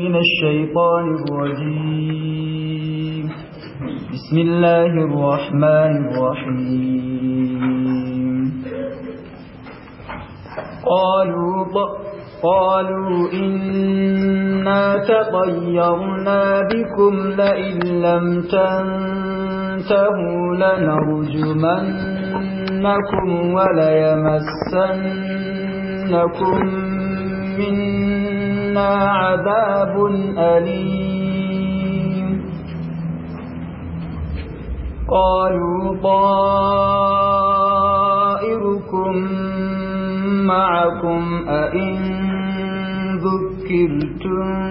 من الشيطان الرجيم بسم الله الرحمن الرحيم قالوا قالوا إنا تطيرنا بكم لئن لم تنتهوا لنرجمنكم وليمسنكم منا لنا عذاب أليم قالوا طائركم معكم أئن ذكرتم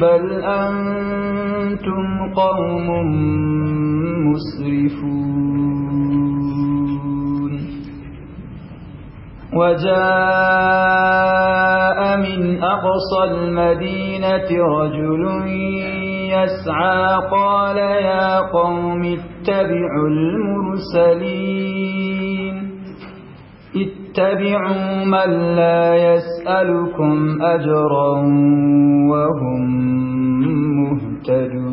بل أنتم قوم مسرفون وجاء من أقصى المدينة رجل يسعى قال يا قوم اتبعوا المرسلين اتبعوا من لا يسألكم أجرا وهم مهتدون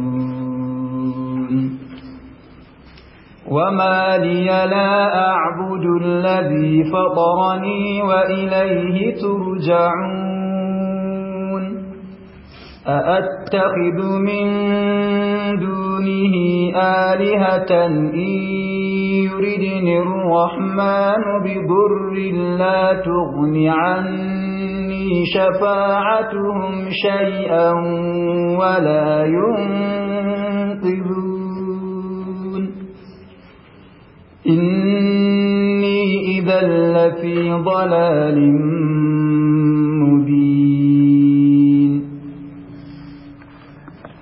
وما لي لا أعبد الذي فطرني وإليه ترجعون أأتخذ من دونه آلهة إن يردني الرحمن بضر لا تغن عني شفاعتهم شيئا ولا ينقذون إني إذا لفي ضلال مبين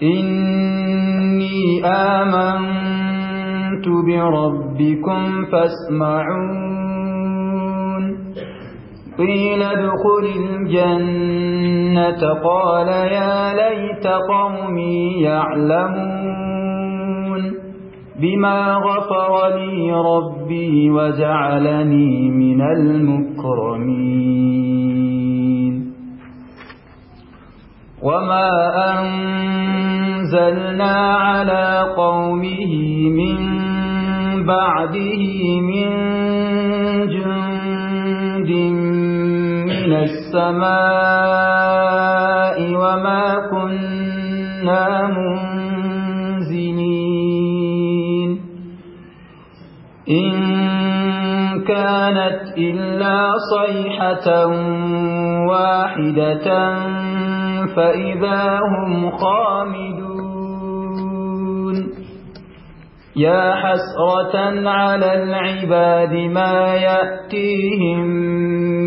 إني آمنت بربكم فاسمعون قيل ادخل الجنة قال يا ليت قومي يعلمون بما غفر لي ربي وجعلني من المكرمين وما أنزلنا على قومه من بعده من جند من السماء وما كنا منذ إن كانت إلا صيحة واحدة فإذا هم خامدون يا حسرة على العباد ما يأتيهم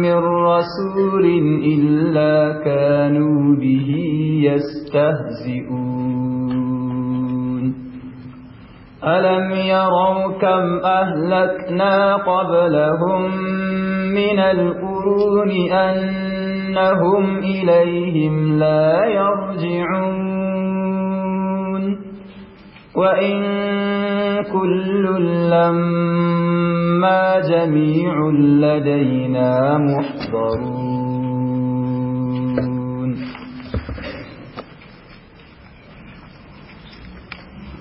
من رسول إلا كانوا به يستهزئون ألم يروا كم أهلكنا قبلهم من القرون أنهم إليهم لا يرجعون وإن كل لما جميع لدينا محضرون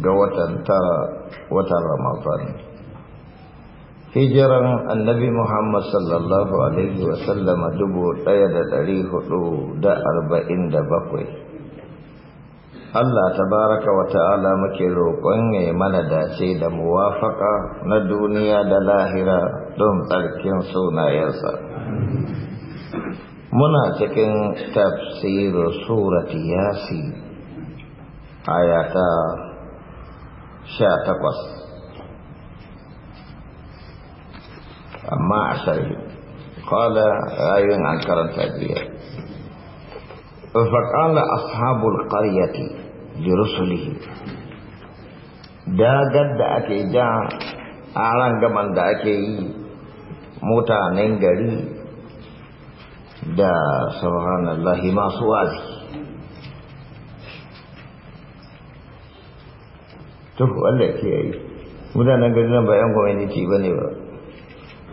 ga watan tara watan Ramadan. Hijiran annabi Muhammad sallallahu Alaihi wasallama dubu ɗaya da ɗari hudu da arba'in da bakwai. Allah tabaraka wa ta'ala muke roƙon ya mana dace da muwafaka na duniya da lahira don tsarkin sunayensa. Muna cikin tafsirin surati yasi ayata sha takwas amma a sharhi kwada rayuwar an karanta jiya faƙala ashabul ƙaryati da rusulihi dagar da ake ja a ran gaban da ake yi mutanen gari da subhanallahi masu wazi to Allah ke yi mutanen gari nan ba yan gwamnati ba ne ba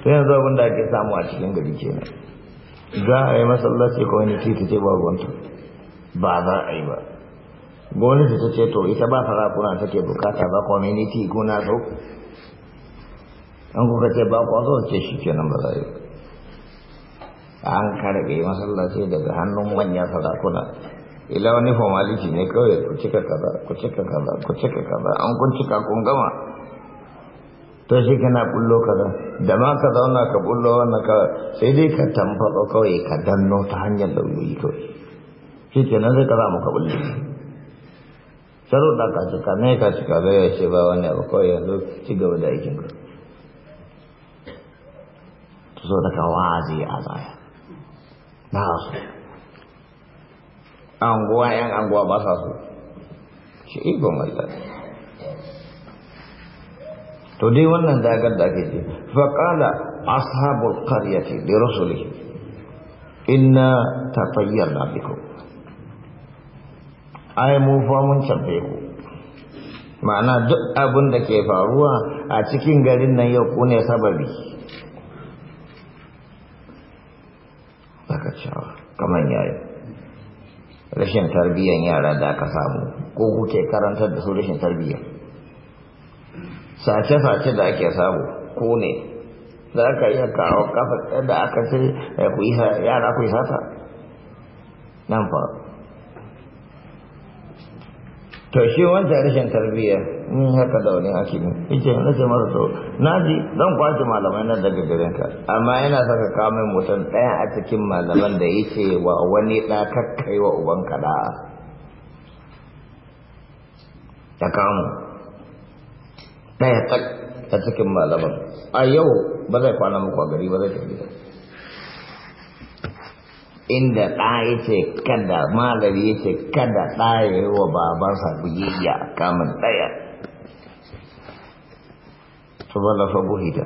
sai yanzu abin da ake samu a cikin gari nan za a yi masallaci gwamnati ta ce ba gwamnati ba za a yi ba gwamnati ta ce to ita ba sarakuna take bukata ba gwamnati kuna so an kuka ce ba kwazo ce shi nan ba za yi an karbe masallaci daga hannun manyan sarakuna ila wani formality ne kawai ku cika kaza ku cika kaza ku cika kaza an kun cika kun gama to shi kana bullo kaza da ma ka zauna ka bullo wannan ka sai dai ka tambaɗo kawai ka danno ta hanyar lauyoyi to shi nan zai ka mu ka bullo sharuɗa ka cika ne ka cika bai ya ce ba wani abu kawai yanzu ci gaba da aikin ka so daga wazi a zaya na su anguwa yan anguwa ba sa so shi ikon Allah to dai wannan dagar da ake ce faƙala ashabul qaryati da rusuli inna tatayyarna bikum ai mu fa mun tambaye ku ma'ana duk abin da ke faruwa a cikin garin nan yau ku ne sababi baka cewa kamar yayin rashin tarbiyyar yara da aka samu ko kuke karantar da su rashin tarbiyyar sace-sace da ake samu ko ne za ka iya kawo kafa da aka ce eh, yara ku yi sata nan fara to shi wancan rashin tarbiyya mun haka da wani hakimi yace na ce masa to ji zan kwace malamai nan daga garin ka amma yana saka kamar mutum ɗaya a cikin malaman da ce wa wani ɗa kakkai wa uban ka da ta kamu ɗaya tsak a cikin malaman a yau ba zai kwana muku a gari ba zai tafi gida inda ɗa yace kada malami yace kada ɗa ya yi wa babansa ya kamun ɗaya to ba lafa buhita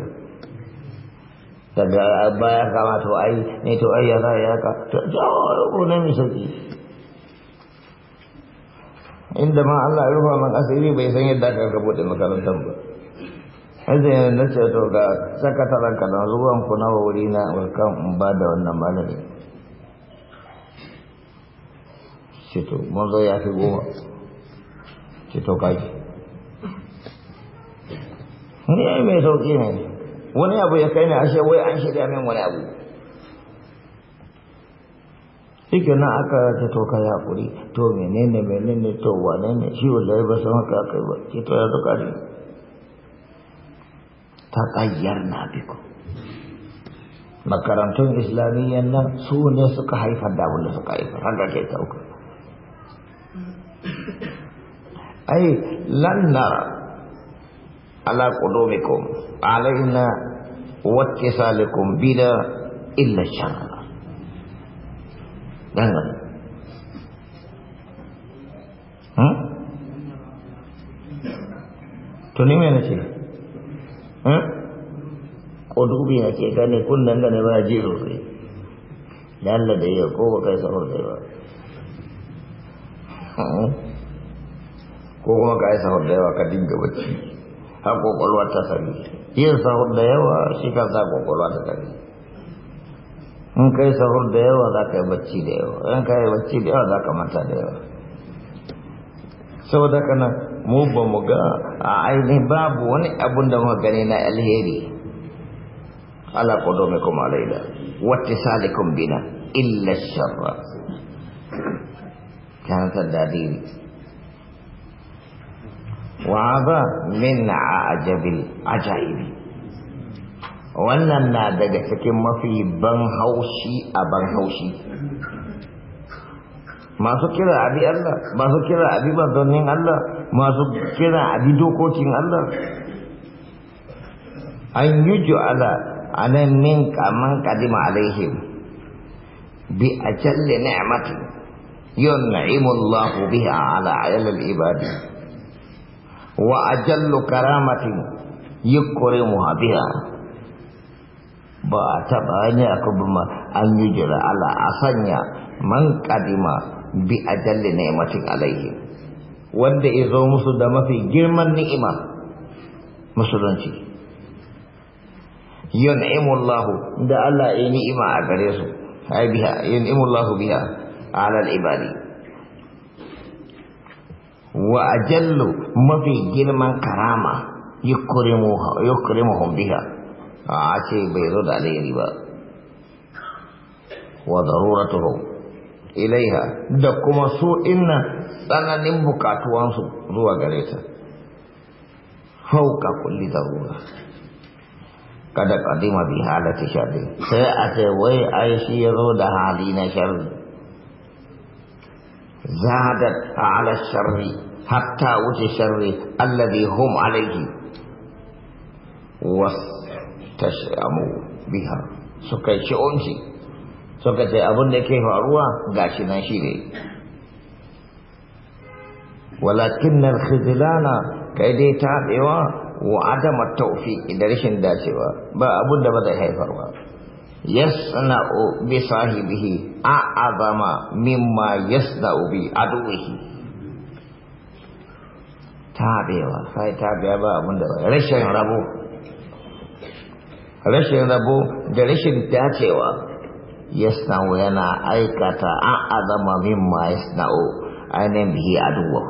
daga baya kama to ai ne to ai ya za ya ka to jawo ko ne mai sauki inda ma Allah ya rufa man asiri bai san yadda ka bude makarantar ba Azai na nace to ga sakataran kana zuwan ku na wuri na kan in ba da wannan malami ceto to manzo ya fi goma ceto kaji ni ai mai sauki ne wani abu ya kai ne ashe wai an shirya min wani abu shike nan aka ta to ya hakuri to menene menene to wane ne shi wallahi ba san ka kai ba ki to ya zuka ne ta kayyar na biko makarantun islamiyyan nan su ne suka haifar da abin da suka haifar haka ke sauka ai lan ala qulubikum alaina wattisalikum bina illa sharra hmm? hmm? jangan hmm? to ni mene ce hmm? ƙudubi ya ce gane kunnan gane ba ji rufe da Allah da iya ko ba kai sahur da ba ko kuma ka yi sahur da yawa ka dinga bacci har kwakwalwa ta sani yin sahur da yawa shi ka sa kwakwalwa ta sani in ka yi sahur da yawa za ka yi bacci da yawa in ka yi bacci da yawa za ka manta da yawa saboda kana mu ba mu ga a aini babu wani abun da muka gani na alheri ala kuma alayna wata salikun bina illa sharra kana tadadiri وهذا من عجب العجائب wannan na daga cikin mafi ban haushi a ban haushi masu kira abi Allah masu kira abi manzannin Allah masu kira abi dokokin Allah an yi ju'ala a nan min kaman kadima alaihim bi ajalli ni'mati yun'imu Allah biha ala ayalil ibadi wa ajallu karamatin yukrimuha muhabiya ba a taɓa ne a kuma an yi jira ala a sanya man kadima bi ajalli ni'matin alayhi wanda ya zo musu da mafi girman ni'ima musulunci yun'imu Allah da Allah ya ni'ima a gare su ai biha yun'imu Allah biha ala al-ibadi wa ajallu mafi girman karama yukrimuhum biha a ce bai zo da alayyari ba wa daruratuhum ilaiha da kuma su ina tsananin bukatuwansu zuwa gare ta fauka kulli zarura kada kadima bi halati sharri sai a ce wai ai shi ya zo da hali na sharri zadat ala sharri hatta wuce sharri alladhi hum alayhi wastashamu biha suka ci onci suka ce abun da ke faruwa gashi nan shi ne walakin nan khizlana kai dai taɓewa wa adama taufi da rashin dacewa ba abun da ba zai haifarwa yasna'u bi sahibihi a'azama mimma yasda'u bi aduwihi tabewa sai tabewa ba abin da rashin rabo rashin rabo da rashin dacewa yasna'u yana aikata a'azama mimma yasna'u ainihin bihi aduwa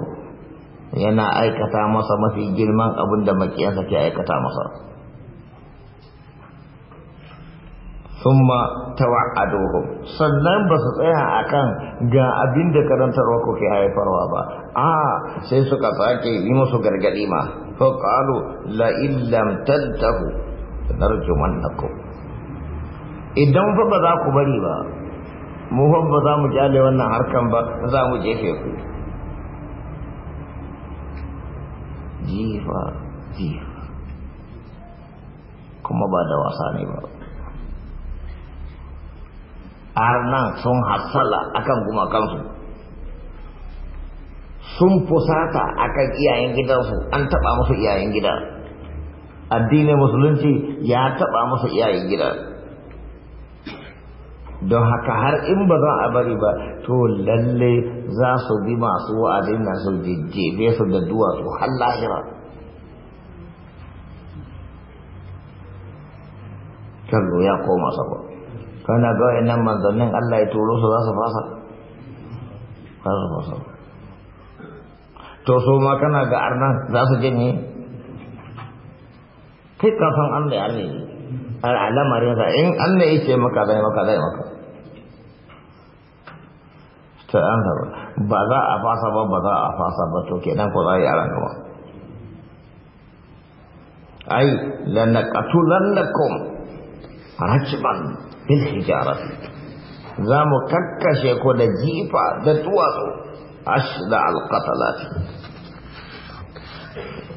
yana aikata masa mafi girman abin da makiyansa ke aikata masa thumma tawa'aduhum sannan ba su tsaya akan ga abin da karantarwa roko ke haifarwa ba a sai suka sake yi musu gargadi ma fa qalu la illam tantahu narjumannakum idan fa ba za ku bari ba mu ba za mu jale wannan harkan ba za mu jefe ku jifa jifa kuma ba da wasa ne ba har nan sun hassala akan gumakansu sun fusata akan iyayen gidansu an taba musu iyayen gida addinin musulunci ya taba musu iyayen gida don haka har in ba za a bari ba to lalle za su bi masu wa'adin na su jejjebe su da duwatsu har lahira kallo ya koma sabo kana ga wayannan manzannin Allah ya turo su za su fasa za su fasa to so ma kana ga arnan za su janye kai ka san Allah ya ne al'amarin sa in Allah ya ce maka zai maka zai maka ta ba za a fasa ba ba za a fasa ba to kenan ko za a yi a ranar ai lanaqatulannakum رجبا بالحجارة ذا مككش يكون جيفا دتوار أشدع القتلات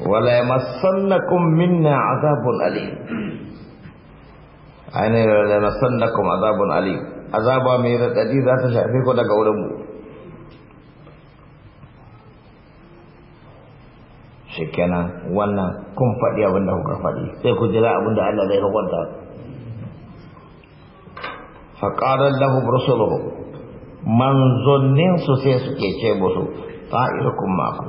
ولا يمسنكم منا عذاب أليم أنا لا يمسنكم عذاب أليم عذاب أمير الأدي ذات شعبك ودقولم شكنا وانا كم فديا وانا هو كفدي سيكو جلاء وانا ألا ليه وانا faƙarar lahu rusuluhu manzanninsu sai suke ce musu ta'irkun maku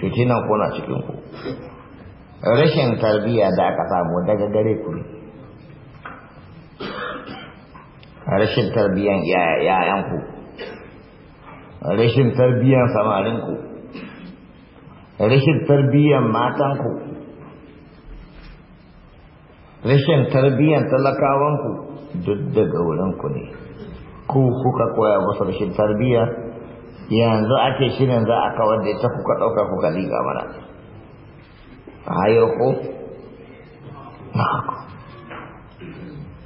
fitinan kuna cikinku rashin tarbiyya da aka samu daga gare ku rashin tarbiyyan yayanku rashin tarbiyyan samarinku rashin tarbiyyan matanku rashin tarbiyyar talakawanku duk daga wurinku ne ku kuka koya masa rashin tarbiyya yanzu ake shirin za a kawar da ita kuka ɗauka kuka liga mana a ko na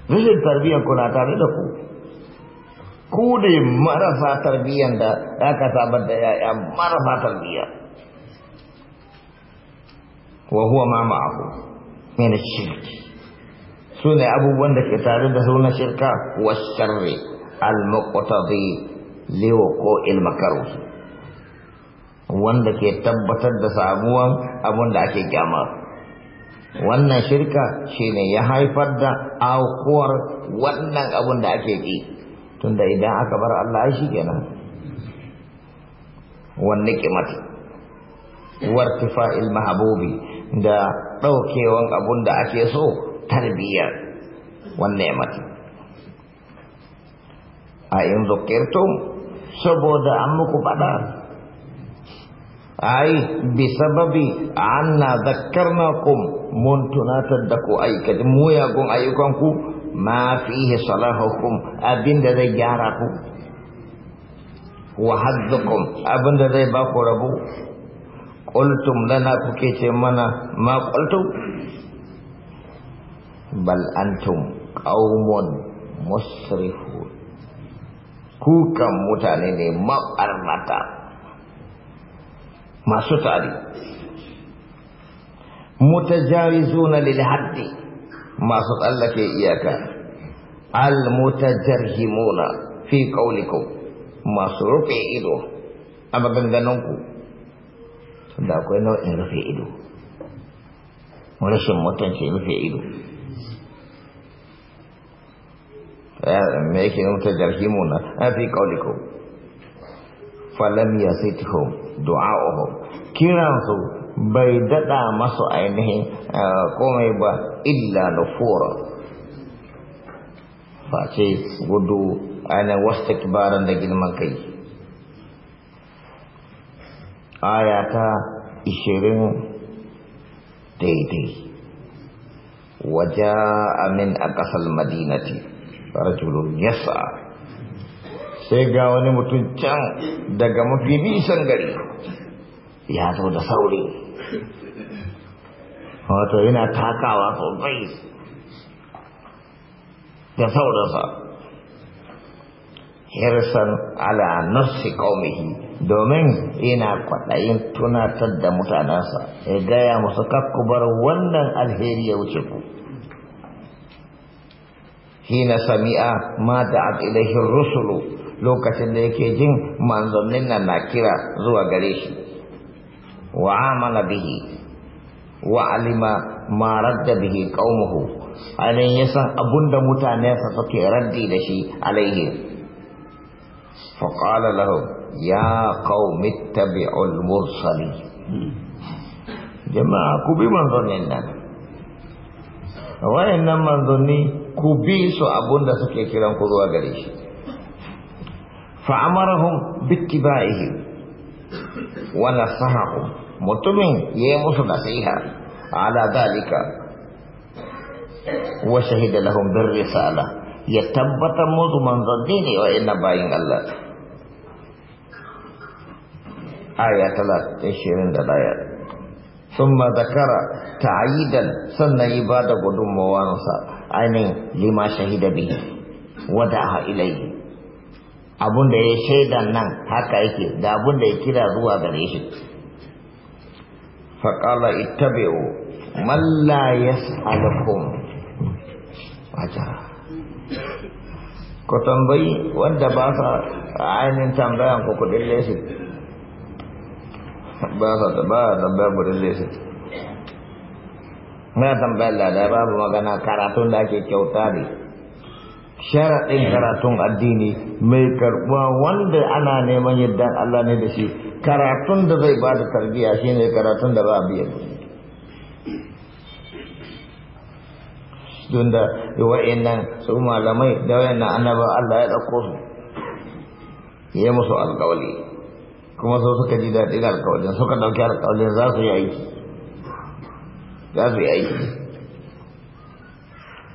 ku rashin tarbiyyar ku na tare da ku ku da marasa tarbiyyar da ya ka sabar da ya'ya marasa tarbiyyar wa huwa ma ma'ahu na shirki su ne abubuwan da ke tare da suna shirka wa sharri al-muqtadi li wuqu'il makruh wanda ke tabbatar da samuwan abun da ake kyama wannan shirka shine ya haifar da aukuwar wannan abun da ake ki tunda idan aka bar Allah shi kenan wanne kimati wartifa'il mahbubi da daukewan abun da ake so tarbiyya wannan mati a in zukirtum saboda an muku faɗa ai bi sababi anna zakkarnakum mun tunatar da ku aikata muyagun ayyukanku ma fihi salahukum abinda zai gyara ku wa haddukum abinda zai ba ku rabu qultum lana kuke ce mana ma qultum bal antum qaumun musrifun kukan mutane ne mabarnata masu tari mutajarizuna lil haddi masu tsallake iyaka al mutajarhimuna fi qaulikum masu rufe ido a maganganunku da akwai nau'in rufe ido rashin mutunci rufe ido Eh, me yake nuta jarhimuna eh, fi qaulikum falam yasithum Kiran kiransu bai dada masu ainihin eh, komai ba illa nufura face gudu ana wastakbaran da girman kai aya ta 20 daidai waja amin a ƙasar madinati rajulun yas'a sai ga wani mutum can daga mafi nisan gari ya zo da sauri wato yana takawa sosai da saurasa hirsan ala nafsi kaumihi domin yana kwaɗayin tunatar da mutanensa ya gaya musu bar wannan alheri ya wuce ku hina sami'a ma da'at ilaihi rusulu lokacin da yake jin manzannin nan na kira zuwa gare shi wa amala bihi wa alima ma radda bihi qaumuhu anan ya san abunda sa suke raddi da shi alaihi fa qala lahu ya qaumi tabi'ul mursali jama'a ku bi manzannin nan wayannan manzanni ku bi su abun da suke kiran ku zuwa gare shi fa'amarahum bittiba'ihim wa nasahahum mutumin ya yayi musu nasiha ala dalika wa shahida lahum bir risala ya tabbatar musu manzanni ne wa inna bayin Allah aya 31 summa zakara ta'idan sannan yi ba da gudunmawa nasa ainihin lima shahida bihi wada a ilai abun da ya shaidan nan haka yake da abun ya kira zuwa gare shi faƙala ittabi'u man la yas'alukum wata ku tambayi wanda ba sa ainihin tambayan kuɗin kudin ba sa da ba tambaya burin zai na tambayar lada babu magana karatun da ake kyauta ne sharaɗin karatun addini mai karɓuwa wanda ana neman yadda Allah ne da shi karatun da zai ba da tarbiyya shi ne karatun da ba biyan don da wa'annan su malamai da wayanna annaba Allah ya ɗauko su ya musu alƙawali kuma sau suka ji daɗi da alkawalin suka ɗauki alkawalin za su yi aiki za su yi aiki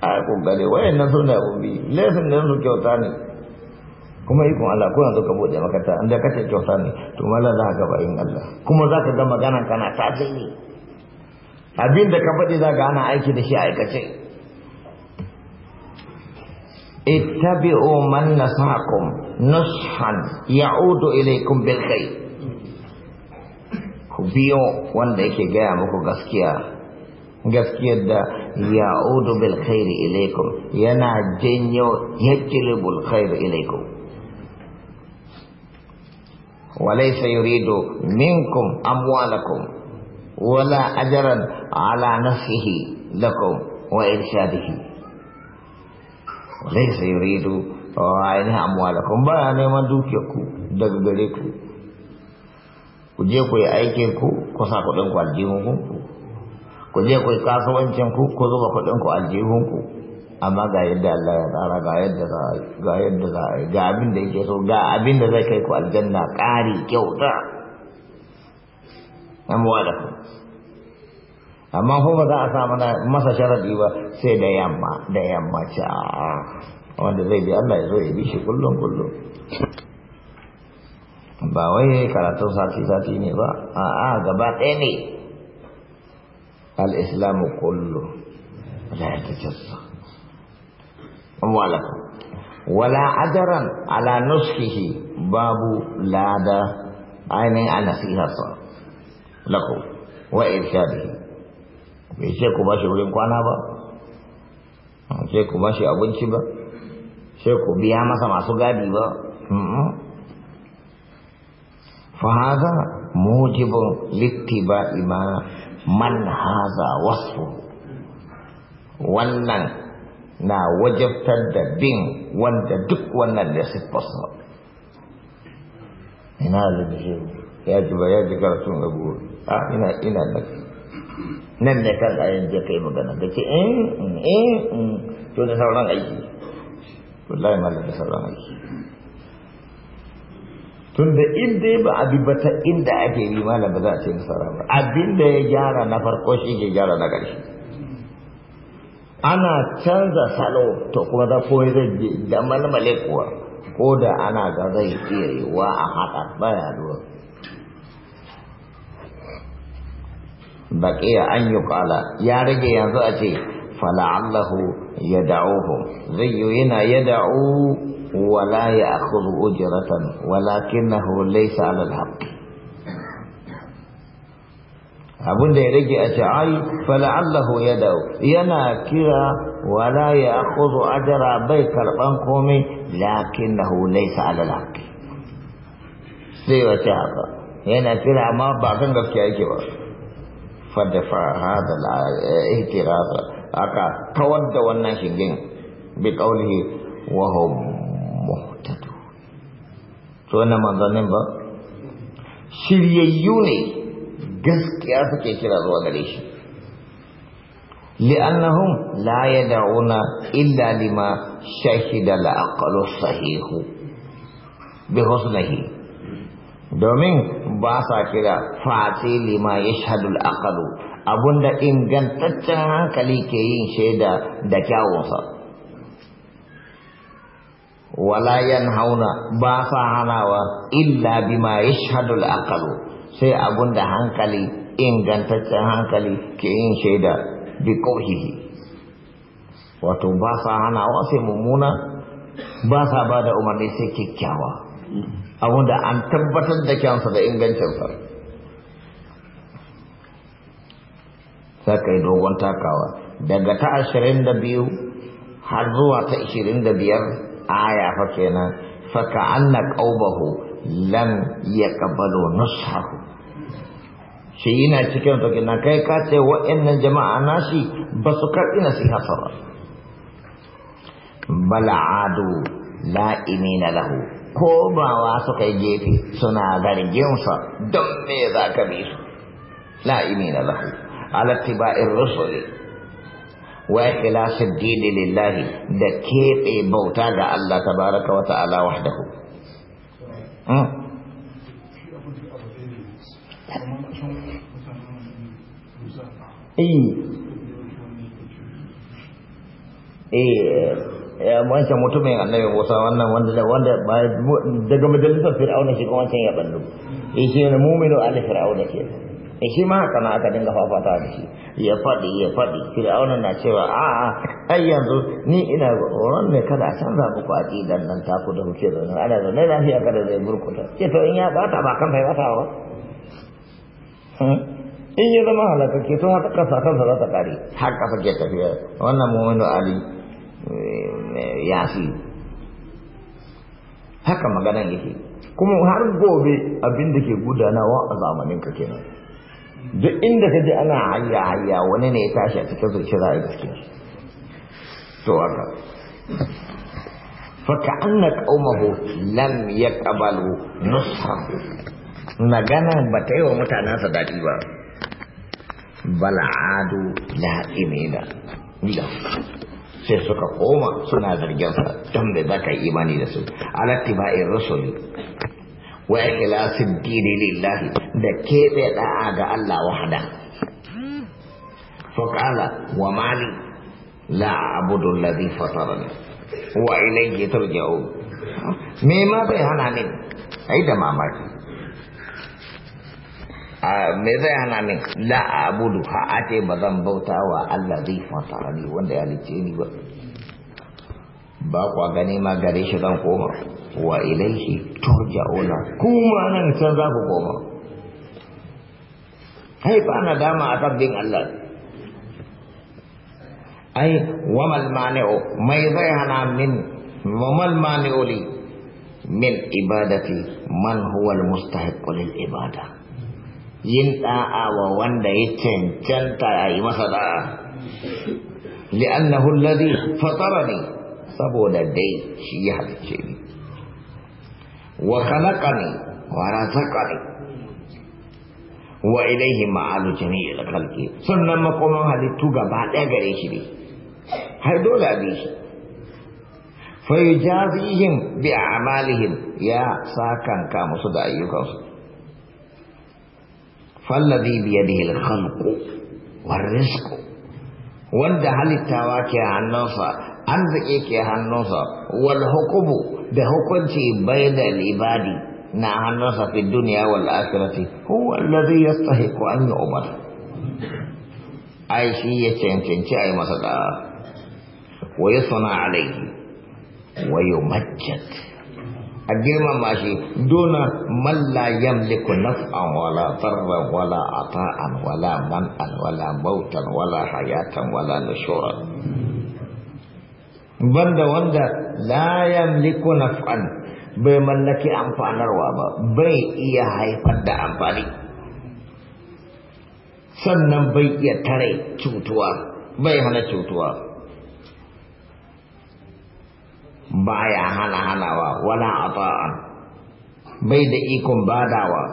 a yi ƙoƙari wayan nan suna gobe lesin nan su kyauta ne kuma ikon Allah ko yanzu ka bude makata inda ka ce kyauta ne to mala za ka yin Allah kuma za ka ga magana kana ta tasiri abin da ka faɗi za ka ana aiki da shi aikace ittabi'u man nasakum nushan ya'udu ilaykum bil khair ku biyo wanda yake gaya muku gaskiya gaskiyar da ya'udu bil khairi ilaykum yana janyo yajlibul khair ilaykum walaysa yuridu minkum amwalakum wala ajran ala nafsihi lakum wa irshadihi laysa yuridu ainihin amwalakum ba neman dukiyar ku daga gare ku ku je ku yi aikin ku ku sa kuɗin ku aljihun ku ku je ku yi kasuwancin ku ku zuba kuɗin ku aljihun ku amma ga yadda Allah ya tsara ga yadda za ga yadda za ga abin da yake so ga abin da zai kai ku aljanna ƙari kyauta amwalakum amma fa ba za a sa mana masa sharadi ba sai da yamma da yamma ca wanda zai bi Allah ya zo ya bi shi kullum kullum ba wai karatun sati sati ne ba a'a gaba ɗaya ne al-islamu kullu la tajassu wala wala ajran ala nuskihi babu lada ainin a sihasa lakum wa irshadihi bai sai ku bashi shi wurin kwana ba sai ku bashi shi abinci ba sai ku biya masa masu gadi ba haza mujibun littiba imana man haza wasu wannan na wajabtar da bin wanda duk wannan da fasa ina da ya ji ba ya ji karatun abubuwa ah, ina ina da nan ne kan ayin je kai magana da ce in in in to da sauran aiki wallahi mallaka da sauran aiki tun da in dai ba a bi ta inda ake yi mallan ba za a ce sauran ba abin da ya gyara na farko shi ke gyara na ƙarshe ana canza salo to kuma da koyi zai da malmale kuwa ko da ana ga zai iya yiwa a haka baya duwa ya an yuqala ya rage yanzu a ce fala'allahu yad'uhum zai yana ya yad'u ولا يأخذ أجرة ولكنه ليس على الحق abin da ya rage a ai fala'allahu ya dau yana kira wala ya akuzo ajara bai karɓan komai lakin na hulai sa'adar haƙi sai wace haka yana kira amma ba kan gaskiya yake ba فدفع eh, da الاعتراض أكا تود والناشقين بقوله وهم مهتدون سونا manzanin ba. shiryayyu ne gaskiya suke kira zuwa gare shi li'annahum la yad'una illa lima shahida al-aqlu sahihu bi domin ba sa kira fati lima ya shahadul aqalu da ingantaccen hankali ke yin shaida da kyawunsa wala 'yan hauna ba sa hanawa illa bima ya shahadul aqalu sai abunda hankali ingantaccen hankali ke yin shaida bi kauhihi wato ba sa hanawa sai mummuna ba sa ba da umarni sai kyakkyawa abu da an tabbatar da kyansa da ingancinsa sai ka dogon takawa daga ta ashirin da biyu har zuwa ta ashirin da biyar aya fa kenan saka anna qaubahu lam yaqbalu nushahu shi yana cikin to kenan kai ka ce wa'annan jama'a nashi ba su karɓi nasiha ba bal'adu la'imina lahu komawa suka yi gefe suna sa don me za ka bi su la'imi na zahi alattiba'in rusuli wa ila dini lillahi da keɓe bauta ga Allah tabaraka wa ta'ala wahdahu hmm? eh eh Eh, wancan mutumin annabi Musa wannan wanda wanda daga majalisar Fir'auna shi kuma wancan ya bandu eh shi ne mu'minu ala Fir'auna ke eh shi ma na aka dinga fafata da shi ya fadi ya fadi Fir'auna na cewa a a ai yanzu ni ina tsoron ne kada a canza muku aqidan nan taku da kuke zaune ana zaune lafiya kada zai burkuta to in ya bata ba kan bai bata ba hmm? in ya zama halakake to haka kasa kansa za ta kare har kasa ke tafiya wannan mu'minu ali Eh, yasi haka maganan yake kuma har gobe abin da ke gudanawa a zamanin ka kenan duk inda ka ji ana hayya hayya wani ne ya tashi a cikin zuci za a gaske to haka faka anna qaumahu lam yaqbalu nusra magana ba ta yi wa mutanensa daɗi ba bal'adu la'imina sai suka koma suna zargin sa don bai zaka yi imani da su alatti ba in rasul wa ikhlasin dini lillahi da kebe da'a ga Allah wahada fakala wa mali la abudu alladhi fatarani wa ilayhi turja'un me ma bai hana ne ai da mamaki Ah, me zai hana min la abudu ha a ce ba zan bauta wa Allah zai fata ni wanda ya lice ni ba ba kwa gani ma gare shi zan koma wa ilaihi ola kuma nan can za ku koma ai ba na dama a sabbin Allah ai wamal mani'u mai zai hana min wamal mani'u li min ibadati man huwa al-mustahiq lil ibada yin da'a wa wanda ya cancanta a yi masa da'a li'annahu alladhi fatarani saboda dai shi ya halice ni wa ne wa razaqani wa ilayhi ma'alu jami'il khalqi sannan makoman halittu gaba ɗaya gare shi ne har dole a bi shi fa yujazihim bi a'malihim ya sa kanka musu da ayyukansu fallazi biyadihi al-khalqu war rizqu wanda halittawa ke hannunsa arziki ke hannunsa wal hukumu da hukunci bai da ibadi na hannunsa fi dunya wal akhirati huwa allazi yastahiqu an yu'mar ai shi ya cancanci ai masa da wa yasna alayhi wa yumajjad a girmama shi dona malla yamliku naf'an wala darran wala ata'an wala man'an wala mautan wala hayatan wala nushuran banda wanda la yamliku naf'an bai mallaki amfanarwa ba bai iya haifar da amfani sannan bai iya tare cutuwa bai hana cutuwa baya hana halawa, wala ata'a bai da ikon badawa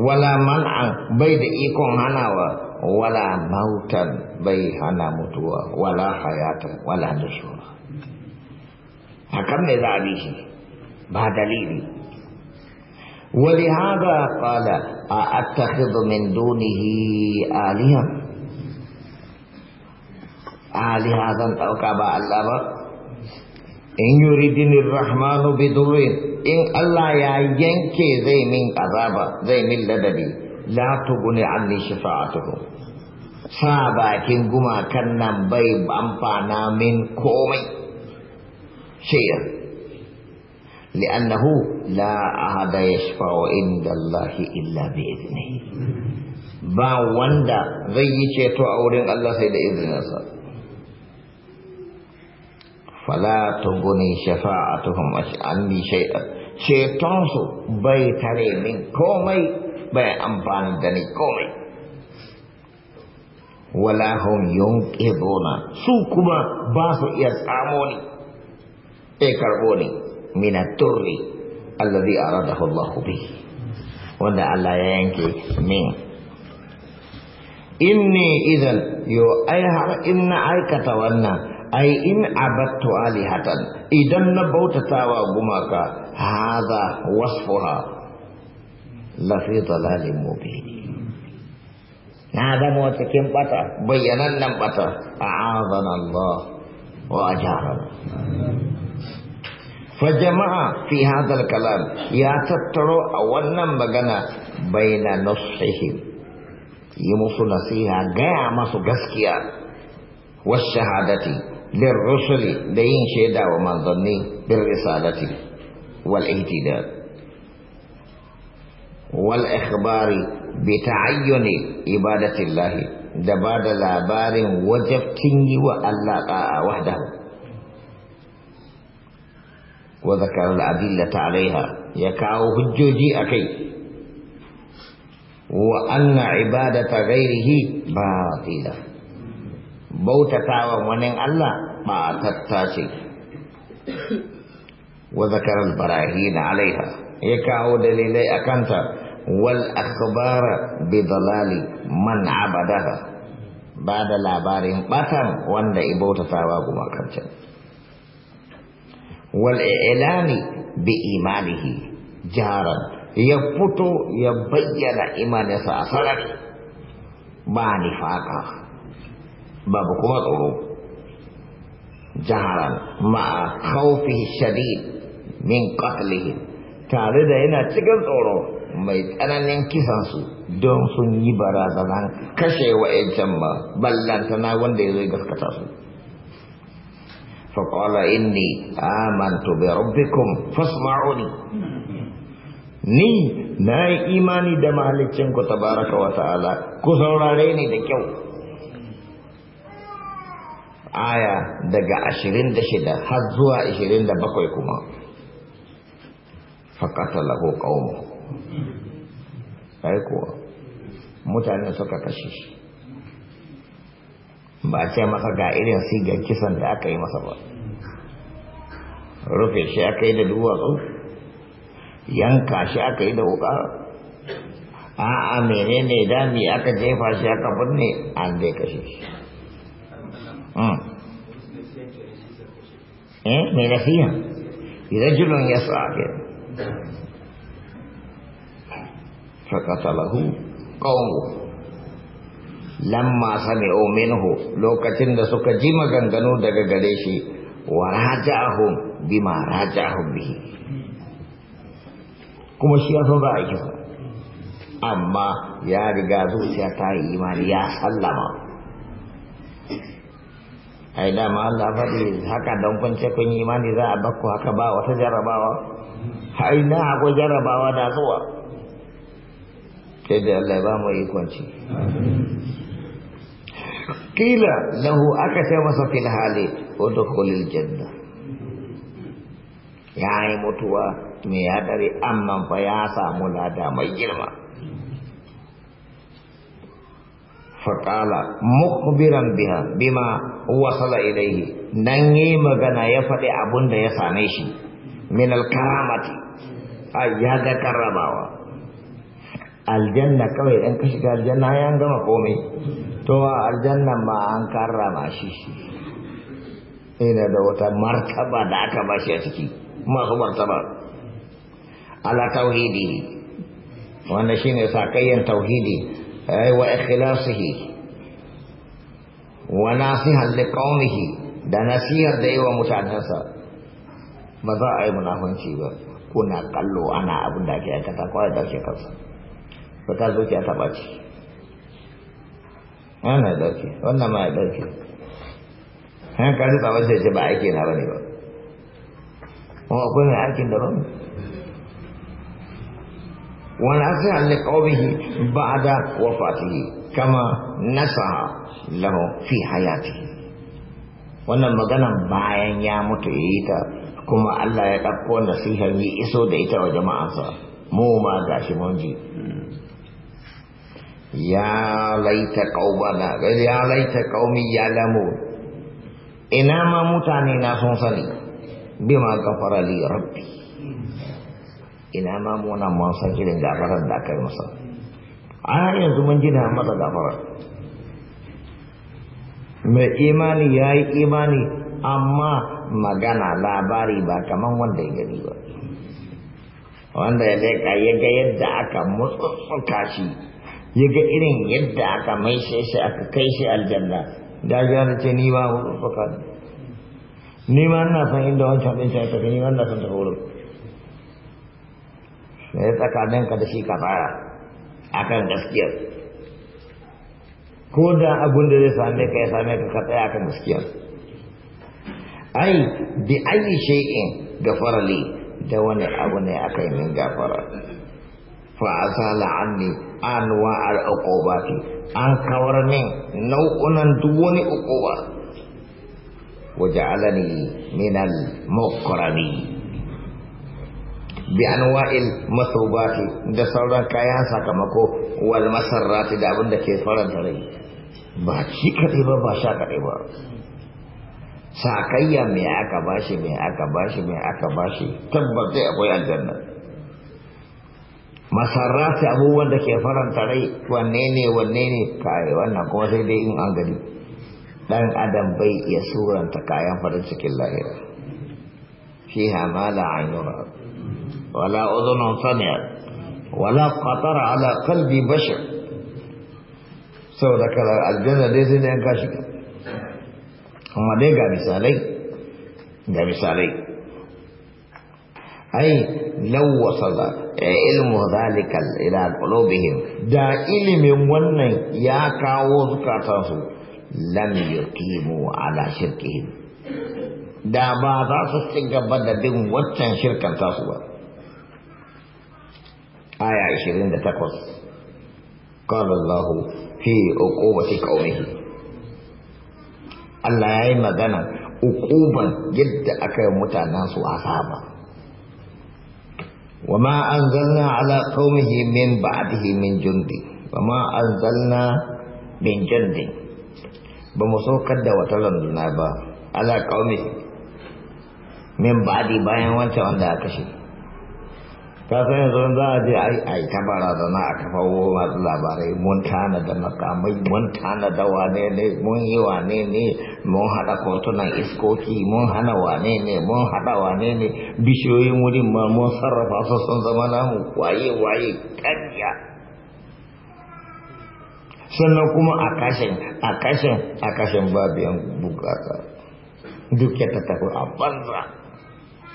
wala man'a bai da ikon hanawa wala mautan bai hana mutuwa wala hayatan wala nusura hakan ne za a bi shi ba dalili ولهذا قال أأتخذ من دونه آلهة آلهة zan ɗauka ba Allah ba in yuridini rahmanu bidurrin in Allah ya yanke zai min azaba zai min ladabi la tuguni anni shafa'atuhu sa bakin gumakan nan bai amfana min komai shayar li'annahu la ahada yashfa'u inda Allah illa bi idnihi ba wanda zai yi ceto a wurin Allah sai da izininsa fala tuguni shafa'atuhum anni shay'an ceton su bai tare min komai bai amfani da ni komai wala hum yunqiduna su kuma ba su iya tsamo ni e karbo ni min at-turri alladhi aradahu Allah bi wanda Allah ya yanke min inni idan yo ai har inna aikata wannan ai in abattu alihatan idan na bautata wa gumaka haza wasfuha lafi zalalin mobi na zama wata cikin bata bayyana nan bata a azan Allah wa a jaran fajama'a fi hazar kalam ya tattaro a wannan magana bai na nufihim yi musu nasiha gaya masu gaskiya wasu shahadati للرسل دين شيدا ومن ظني بالرسالة والاهتداء والإخبار بتعين عبادة الله دباد لابار وجب كني وألا وحده وذكر الأدلة عليها يكاو هجوجي أكي وأن عبادة غيره باطلة bautatawa wani Allah ba a tattace wa zakarar barahi na alaiha ya kawo dalilai a kanta wal akhbara bi dalali man abadaha ba da labarin batan wanda i bautatawa gumakancan wal ilani bi imanihi jaran ya fito ya bayyana imaninsa a sarari ba nifaka babu kuma tsoro jaharan ma'a haufi shadid min qatlihi tare da yana cikin tsoro mai tsananin kisan su don sun yi barazanan kashe wa'ancan ba ballantana wanda ya zo gaskata su فقال إني آمنت بربكم فاسمعوني ni na yi imani da mahalicinku tabaraka wa ta'ala ku saurare ni da kyau aya daga ashirin da shida har zuwa ashirin da bakwai kuma faƙata laho ƙaunu kuwa mutane suka kashe shi ba ce masa ga irin sigar kisan da aka yi masa ba rufe shi aka yi da duwatsu yanka shi aka yi da wuka a'a menene dami aka jefa shi aka binne an zai kashe shi eh mai nasiha rajulun yas'a فقتله قومه لما سمعوا منه lokacin da suka ji maganganu daga gare shi wa raja'ahum bima raja'ahum bihi kuma shi ya san ra'ayi amma ya riga zuciya ta yi imani ya sallama ai dama Allah faɗi haka don kwance kun yi imani za a bakku haka ba wata jarabawa ai na akwai jarabawa da zuwa sai da Allah ba mu ikonci. kila lahu aka ce masa fil hali udkhulil janna yayi mutuwa me ya dare amma fa ya samu lada mai girma faƙala mukbiran biha bima wasala ilaihi nan yi magana ya faɗi abun da ya same shi min alkaramati a ya ga karramawa aljanna kawai ɗan ka shiga aljanna ya gama komai to a aljanna ma an karrama shi ina da wata martaba da aka ba shi a ciki masu martaba ala tauhidi wanda shine sakayyan tauhidi وإخلاصه وناصحا لقومه da nasihar da yi wa mutanensa ba za a yi munafunci ba kuna kallo ana abin da ake aikata kawai da ke kansa ba ta zo ta taba ci ana dauke wannan ma ya dauke hankali ba wace ce ba aiki na bane ba kuma akwai ne aikin da ba ونسع لقومه بعد وفاته كما نسع له في حياته wannan magana bayan ya mutu ya yi ta kuma Allah ya ɗauko nasihar yi iso da ita wa jama'ansa mu ma gashi mun ji ya laita qaumana ya laita qaumi lamu ina ma mutane na sun sani bima ghafara li rabbi ina ma mu nan mun san irin gafarar da aka yi masa har yanzu mun gina masa gafarar mai imani ya yi imani amma magana labari ba kaman wanda ya gani ba wanda ya leƙa ya ga yadda aka mutsutsuka shi ya ga irin yadda aka maishe shi aka kai shi aljanna da gane ce ni ba mutsutsuka ne ni ma ina san inda wancan ɗin ta ni ma ina san ta wurin me tsakaninka ah. da shi ka fara kan gaskiyar ko da abin da zai same ka ya same ka ka tsaya ah, kan gaskiyar ai bi ayi shay'in gafara li da wani abu ne aka yi min gafara fa azala anni wa al uqubati an kawar min nau'unan duk wani uquba waja'alani min al muqrabin bi anwa'il masubati da sauran kayan sakamako wal masarrati da abin da ke faranta rai ba shi kaɗai ba ba sha kaɗai ba sakayya mai aka bashi mai aka bashi mai aka bashi tabbatai akwai aljanna masarrati abubuwan da ke faranta rai wanne ne wanne ne kare wannan kuma sai dai in an gani dan adam bai iya suranta kayan farin cikin lahira fiha ma la ayyura ولا أذن سمعت ولا خطر على قلب بشر saboda kala aljanna dai sai da yanka shiga amma dai ga misalai ga misalai ai law wasala eh, ilmu zalika ila qulubihim da ilimin wannan ya kawo zukatansu lam yuqimu ala shirkihim da ba za su ci gaba da bin waccan shirkan tasu ba aya 28 قال الله في عقوبة قومه Allah ya yi magana ukuban yadda aka yi mutanen su saba. wa ma anzalna ala qaumihi min ba'dihi min jundi wa ma anzalna min jundi ba mu saukar da wata randuna ba ala qaumihi min ba'di bayan wancan wanda aka shi ka san yanzu za a je a yi ta barazana a kafa masu labarai mun tana da makamai mun tana da wane ne mun yi wane ne mun haɗa kotunan iskoki mun hana wane ne mun haɗa wane ne bishiyoyin wurin ma mun sarrafa su sun zama namu waye waye ƙarya sannan kuma a kashin a kashin a kashin babiyan bukata duk ya tattafi a banza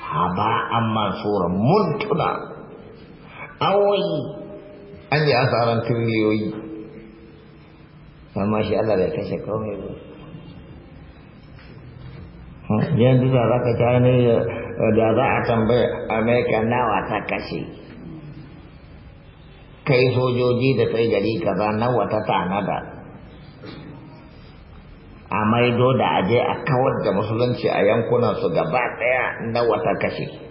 ha ba an mansura murtuna awoyi an yi asaran tiriliyoyi amma shi Allah bai kashe kawai ba yanzu da za ka gane da za a tambaya amerika nawa ta kashe kai sojoji da kai gari kaza nawa ta tanada a maido da aje a kawar da musulunci a yankunan su gaba daya na ta kashe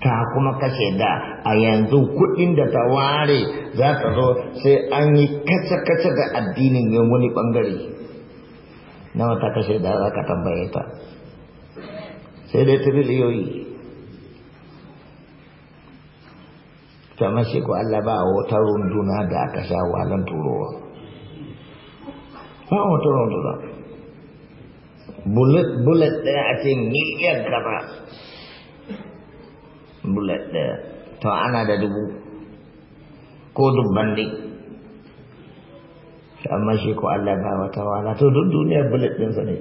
ta kuma kashe da a yanzu kuɗin da ta ware za ta zo sai an yi kace-kace da addinin yin wani ɓangare nawa ta kashe da za ka tambaye ta sai dai tiriliyoyi Ta mashi ko Allah ba wata runduna da aka sha walan turowa ba wata runduna bullet bullet ɗaya a ce miliyan gaba bulat ɗaya to ana da dubu ko dubban ne amma shi ko Allah ba wata wala to duk duniyar bulat sa ne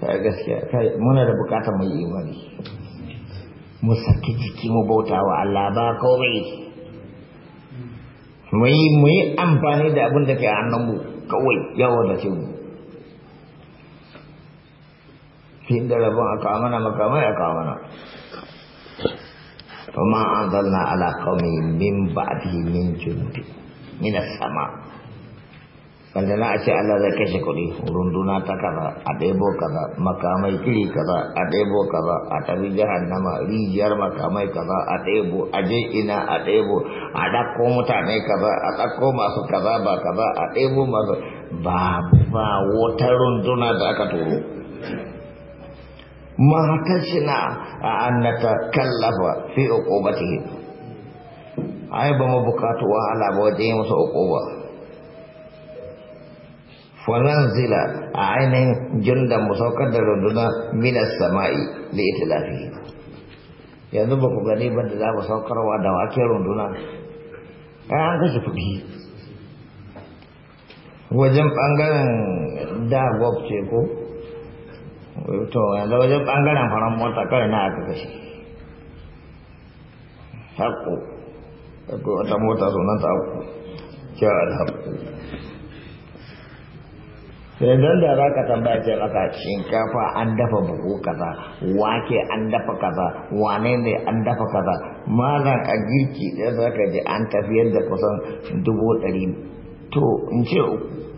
ta gaskiya kai muna da bukatar mai imani mu saki jiki mu bauta wa Allah ba komai mu yi mu yi amfani da abin da ke mu kawai yawa da ce mu shi da rabon aka mana makamai aka amana Fama adalna ala kami min ba'di min jundi Min sama Kandana ashe Allah da kashe kuri Runduna ta kaza, adebo kaza, makamai kiri kaza, adebo kaza A tabi jahannama makamai kaza, adebo, aje ina adebo A dakko mutane kaza, a dakko kaza ba kaza, adebo masu Ba, ba, wata runduna da aka turo mahatasina a an kallafa fi uqubatihi ai ba mu bukatu wahala ba wajen yi masa uquba fananzila a ainihin mu musaukar da runduna minas sama'i da itilafi yanzu ba ku gani ban da za mu saukarwa da wake runduna ai an kashe kuɗi wajen ɓangaren da ce ko to yanzu wajen ɓangaren faran mota kawai na aka kashe haƙo ko wata mota sunan ta haƙo cewa alhaƙo sai don da za ka tambaya ce maka shinkafa an dafa buhu kaza wake an dafa kaza wane ne an dafa kaza malam a girki ɗaya za ka je an tafiyar da kusan dubu ɗari to in ce uku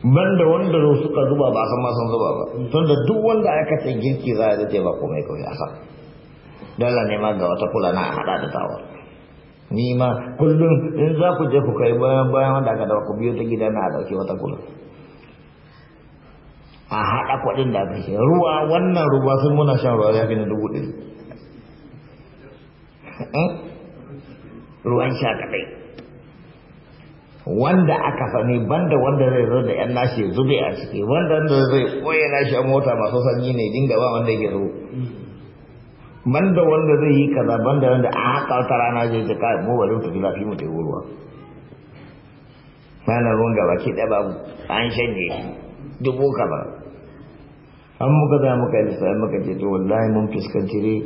banda wanda suka zuba ba san masan zuba ba don da duk wanda aka ce girki za a zace ba komai kawai a san dala ne ma ga wata kula na hada da tawa ni ma kullum in za ku je ku kai bayan bayan wanda aka ku biyo ta gida na dauke wata kula a hada kuɗin da aka ce ruwa wannan ruwa sun muna shan ruwa ya fi na dubu ɗari hmm? ruwan sha kaɗai wanda aka sani banda wanda zai zo da yan nashi zube a ciki wanda wanda zai koya nashi a mota masu sanyi ne dinga ba wanda ya zo banda wanda zai yi kaza banda wanda a haka wata rana zai ta kai mu bari tafi lafi mu tafi ruwa mana ruwan gaba ki da babu an shanye dubu kaza an muka za muka yi lissafi muka ce to wallahi mun fuskanci dai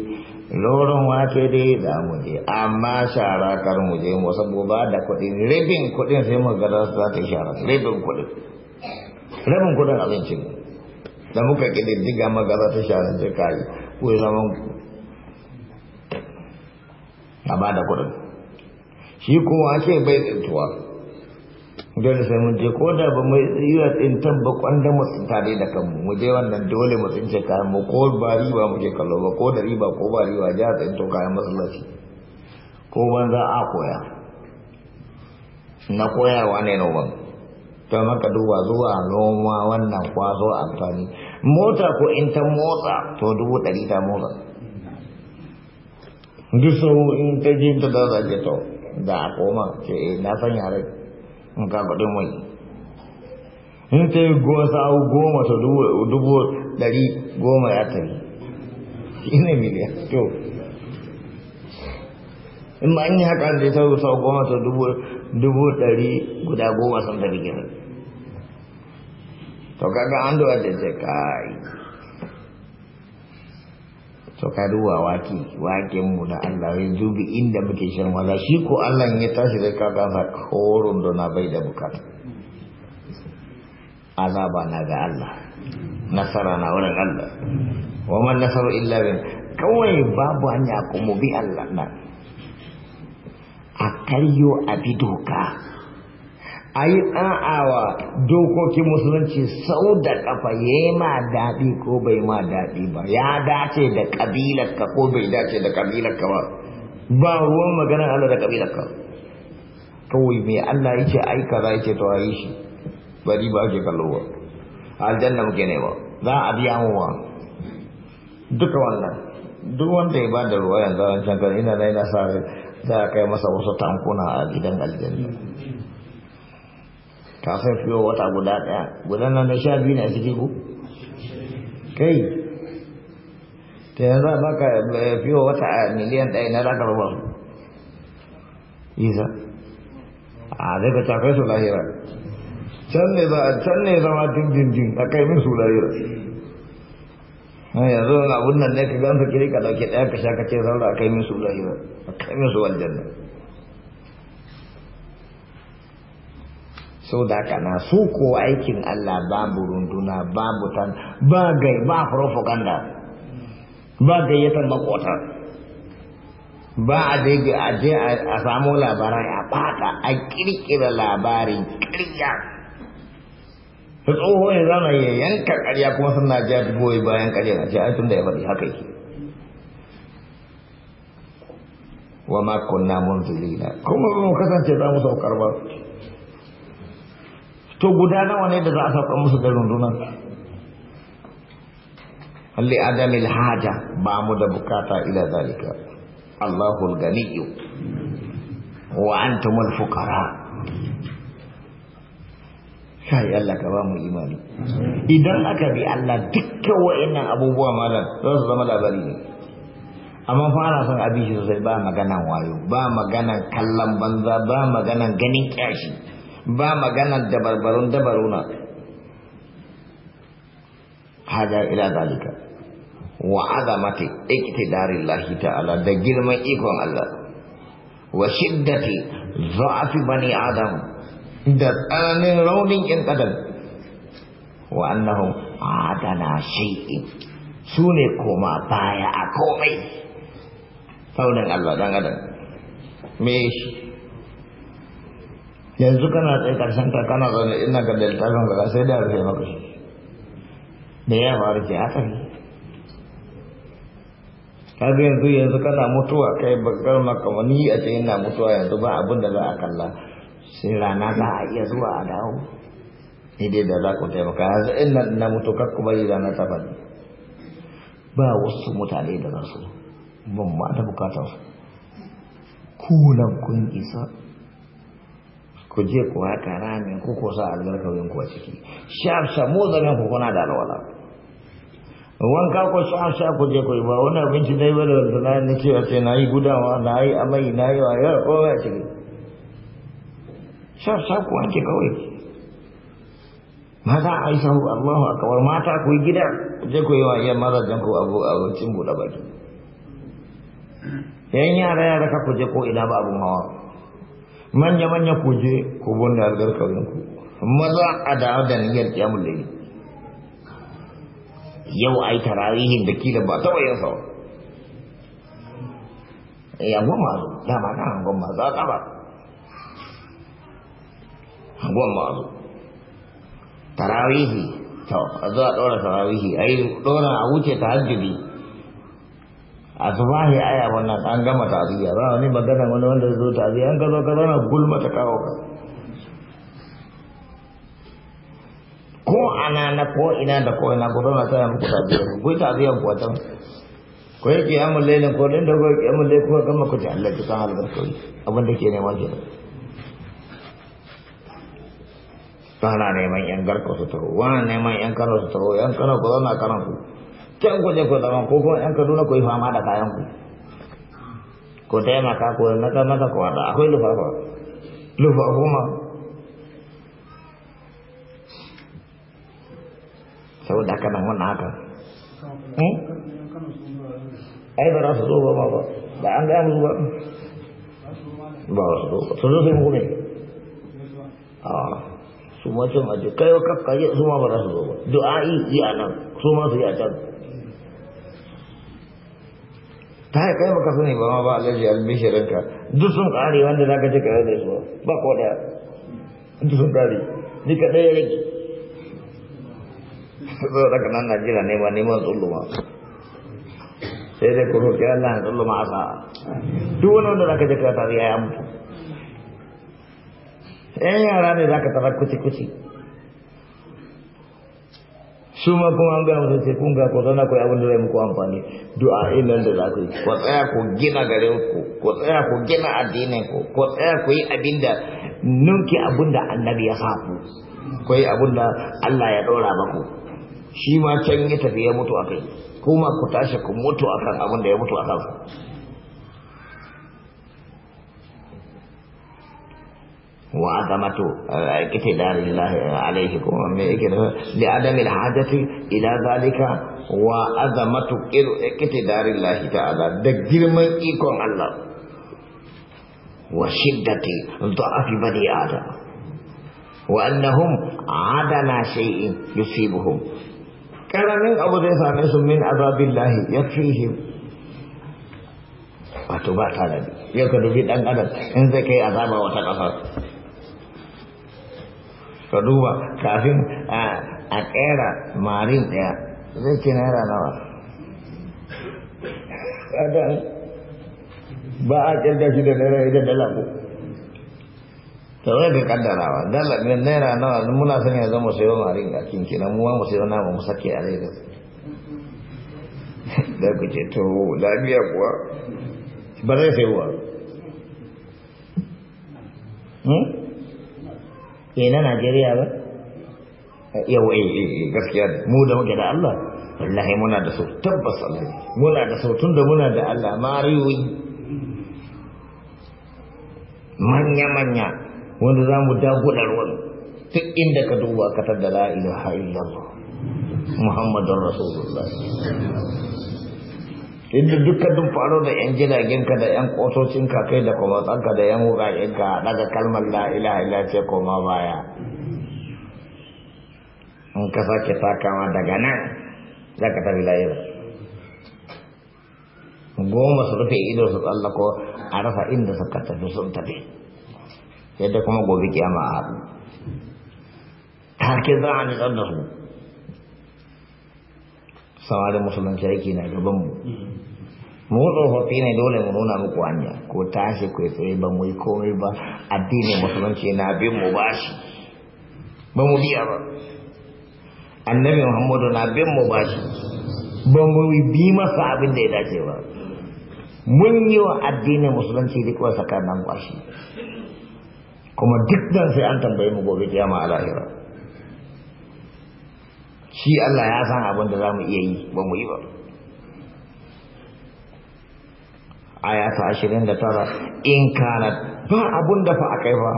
lorin wato dai za mu je amma shara kar mu je mu ba da kuɗin rabin kuɗin sai mu ga za ta shara rabin kuɗin rabin kuɗin abincin da muka kididdiga magana ta shara ta kai ko ya ku a ba da kuɗin shi kuma ake bai tsintuwa dole sai mun je ko da ba mu yi wa tsintan ba kwanda mu tsinta da kanmu mu je wannan dole mu tsince kayan mu ko ba riba muke kallo ba ko da riba ko ba riba ja to kayan masallaci ko banza a koya na koyawa ne noman to maka duba zuwa noma wannan kwazo amfani mota ko in ta motsa to dubu ɗari ta motsa duk sau in ta jinta da zage to da a koma ce eh, na san yare ga kudin mai in ta yi sa'u goma ta dubu dari goma ya tafi ina miliyan to in ma an yi haka da ta yi sa'u goma ta dubu dari guda goma sun tafi gina to kaga an da wadda ce kai to ka duba waki wakin mu na Allah ya bi inda muke shan wala shi ko Allah ya tashi da ka ga horon don na bai da bukata azaba na ga Allah nasara na wurin Allah wa man nasaru illa bin kawai babu hanya ko mu bi Allah na akariyo karyo doka a yi ɗa'awa dokokin musulunci sau da ƙafa ya yi ma daɗi ko bai ma daɗi ba ya dace da ƙabilarka ko bai dace da ƙabilarka ba ba ruwan maganar Allah da ƙabilarka kawai mai Allah yake ce ai kaza ya ce to yi shi bari ba ke kallo ba aljanna muke ne ba za a biya mu ba duka wannan duk wanda ya ba da ruwa yanzu a can ina na yi nasarar za a kai masa wasu tankuna a gidan aljanna kafin fiye wata guda ɗaya guda nan na sha biyu na suke ku kai ta yanzu a baka eh, fiye wata eh, miliyan ɗaya na zaka ruwan isa a zai ka tafe su lahira can ne za can ne zama dindindin a kai min su lahira yanzu abun nan ne ka gansu kiri ka dauke ɗaya ka sha ka ce zaura a kai min su lahira a kai min su nan sau da kana su ko aikin Allah babu runduna babu tan ba gai ba propaganda ba gayyatar makota ba a je a je a samu labarai a bata a kirkira labarin kirya su tsoho ya zama ya yanka karya kuma suna ja goyi bayan karya na ce ai tun da ya bari haka yake wa ma kunna munzilina kuma ba kasance za mu saukar ba to guda nawa ne da za a sauka musu da rundunar Halli adamil haja ba mu da bukata ila zalika Allahul ganiyu wa antumul fuqara sai Allah ka ba mu imani idan aka bi Allah dukkan wa'annan abubuwa malam za su zama labari ne amma fara son abi shi sosai ba maganan wayo ba maganan kallon banza ba maganan ganin kyashi ba maganar dabarbarun dabaruna hada ila dalika wa azamati iqtidarillahi ta'ala da girman ikon Allah wa shiddati za'fi bani adam da tsananin raunin yan adam wa annahum adana shay'in su ne koma baya a komai saunin Allah dan adam me shi yanzu kana tsaye karshen ta kana zaune ina ga littafin ba sai da rufe maka shi da ya faru ke haka ne kaga yanzu yanzu kana mutuwa kai bakar maka wani a ce ina mutuwa yanzu ba abin da za a kalla sai rana za a iya zuwa a dawo ni dai da za ku taimaka yanzu ina na mutu kar kuma yi rana ta bane ba wasu mutane da za su ban ma da bukatar ku nan kun isa ku je ku haka ramin ku ko sa albarkawin ku ciki shaf samu zanen ku kuna da alwala wanka ko shaf sha ku je ku yi ba wani abinci na bada wanda na ni cewa sai na yi gudawa na yi amai na yi wayo ko a ciki shaf sha ku wanke kawai mata a yi sahu allahu akawar mata ku yi gida ku je ku yi wa iya jan ku abu abincin buɗe baki yan yara yara ka ku je ko ina ba abun hawa manya-manya kuje ko ku bunne algar kawinku maza a da da niyyar kiyamul layli yau ai tarawihin da kila ba taba yin sa ya eh, goma da ta hangon goma za a ba zo tarawihi to a zo a dora a yi dora a wuce ta hajjibi a zubahi aya wannan an gama taziya ba wani magana wani wanda zo taziya an gazo gazo na gulma ta kawo ka ko ana na ko ina da ko ina gudu na tsaye muku taziya ku yi taziya ku wata ko yi kiyamun lailin ko din da ko yi kiyamun lailin ko gama ku ce Allah ki san albarkawai abin da ke nema ke ba na neman yan garkar su taro wani neman yan kano su taro yan kano ku zauna kanan ku can ku je ku zama ko kuma yan kaduna ku yi fama da kayan ku ko taimaka na kan maka akwai lufafa lufa kuma saboda haka nan wannan haka hmm? ai ba za su zo ba ba an gaya musu ba ba su zo su zo sai mugume a su kai wa kakka su ma ba za su zo ba du'a'i yi a nan su ma su yi a can ta kai maka sani ba ma ba alaji albishirinka duk sun ƙare wanda za ka ci kare da su ba ko da duk sun ni ka ɗaya rage ne ba sai dai ku allah ya a sa'a duk wani ya mutu eh, yara ne za ka kuci-kuci su ma kuma an gaya musu sai kun ga ko zauna ko abin da zai muku amfani du'a inda da za ku yi ko tsaya ku gina garin ku ko tsaya ku gina addinin ku ko tsaya ku yi abin da nunki abin da annabi ya sa ku yi abin da Allah ya dora maku shi ma can ya tafi ya mutu akai kuma ku tashi ku mutu akan abin da ya mutu akan وعظمته اقتدار آه، الله عليه لعدم الحاجة إلى ذلك وعدمة اقتدار الله تعالى دجر من إيكم الله وشدة ضعف بني آدم وأنهم عدنا شيء يصيبهم كان من أبو ذي من عذاب الله يكفيهم wato على ta rabi yau ka أدب إن ذكي in وتقفر ka duba kafin a kera marin ɗaya zai ce naira nawa ba a kirga shi da naira idan dala ko ta da kaddarawa dala da naira nawa muna son ya zama sayo marin a kinkina mu sayo nama mu sake a lagos da ku ce to lafiya kuwa ba zai sayo hmm? eh na Najeriya ba yau eh, eh, eh gaskiya mu da muke da Allah wallahi muna da so tabbas Allah muna da so tunda muna da Allah mariyoyi manya manya wanda za mu dagula ruwan duk inda ka duba ka tada la ilaha illallah muhammadur rasulullah inda dukkanin faro da yan jiragenka da yan kosocinka kai da kuma kwamotsanka da yan wuƙaƙenka daga kalmar la'ila ila ce koma baya in ka sake takawa daga nan za ka tafi lahira goma su rufe ido su tsallako a rasa inda suka tafi sun tafi yadda kuma gobe kiyama a haɗu take za a nitsar da su da musulunci aiki na gaban mu mu hoti ne dole mu nuna muku hanya ko tashi ku tsaye ba mu yi komai ba addinin musulunci na bin mu bashi ba mu biya ba annabi muhammadu na bin mu bashi ba mu bi masa abin da ya dace ba mun yi wa addinin musulunci duk wasa kan nan kwashi kuma duk dan sai an tambaye mu gobe kiyama a lahira shi Allah ya san abin da za mu iya yi ba mu yi ba aya ta ashirin da tara in kana ba abun da fa akai ba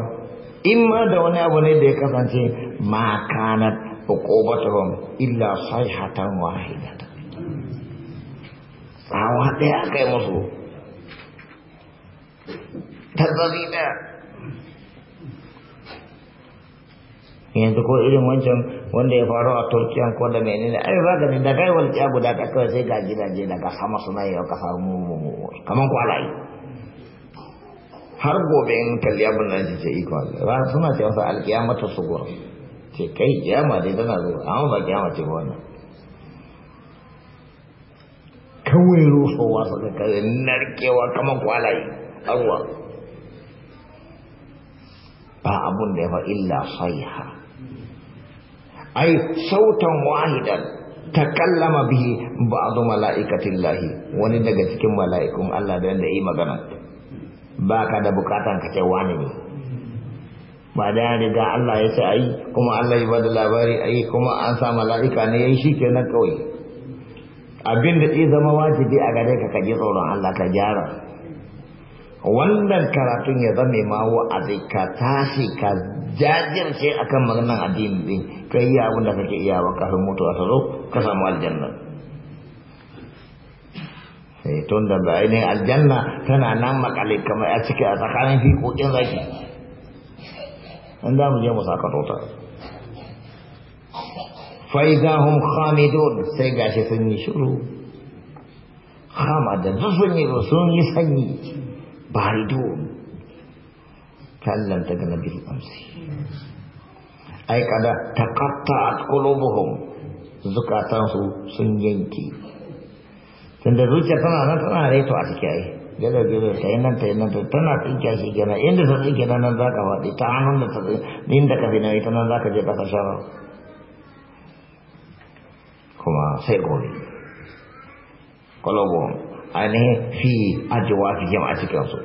in ma da wani abu ne da ya kasance ma kana uqubatuhum illa sayhatan wahidatan tsawa ɗaya akai musu tazzali ɗaya yanzu ko irin wancan wanda ya faru a turkiyan ko da menene ai ba ne da kai walƙiya guda ka kawai sai ga gidaje daga sama suna yau ka samu kaman kwalaye har gobe in kalli abin da ce iko Allah suna ce masa su sugura ce kai kiyama dai tana zo amma ba kiyama ce ba wannan kawai rusowa suka ka narkewa kamar kwalaye arwa ba abun da ya fa illa saiha ai sautan wahidan takallama bihi ba'd mala'ikatillahi wani daga cikin mala'ikun Allah da wanda yi magana baka da bukatan ka ce wani ne ba da riga Allah ya ce ai kuma Allah ya bada labari ai kuma an sa mala'ika ne yayi kenan kawai abin da zai zama wajibi a gare ka kaji tsoron Allah ka gyara wannan karatun ya zame ma zai ka tashi ka jajirce akan maganar addini din ka yi abin da kake iya wa kafin mutuwa ta zo ka samu aljanna sai eh, tun da ba ne aljanna tana nan makalai kamar ya cika a tsakanin fiƙoƙin zaki an za mu je mu sakato ta fa'iza hum khamidun sai gashi sun yi shiru khamadan sun yi sun yi sanyi باردون كلم تقل بالأمس أي قد تقطعت قلوبهم زكاتهم سنجنكي tunda zuciya tana nan tana reto a ciki ai gada gada ta yi nan ta yi nan ta tana tsinkiya shi kenan inda ta tsinke nan nan za ka faɗi ta hannun da ta inda ka fi na ita nan za ka je ka shara kuma sai gobe kolobo. ainihin fi ajwa ajwafihim a cikinsu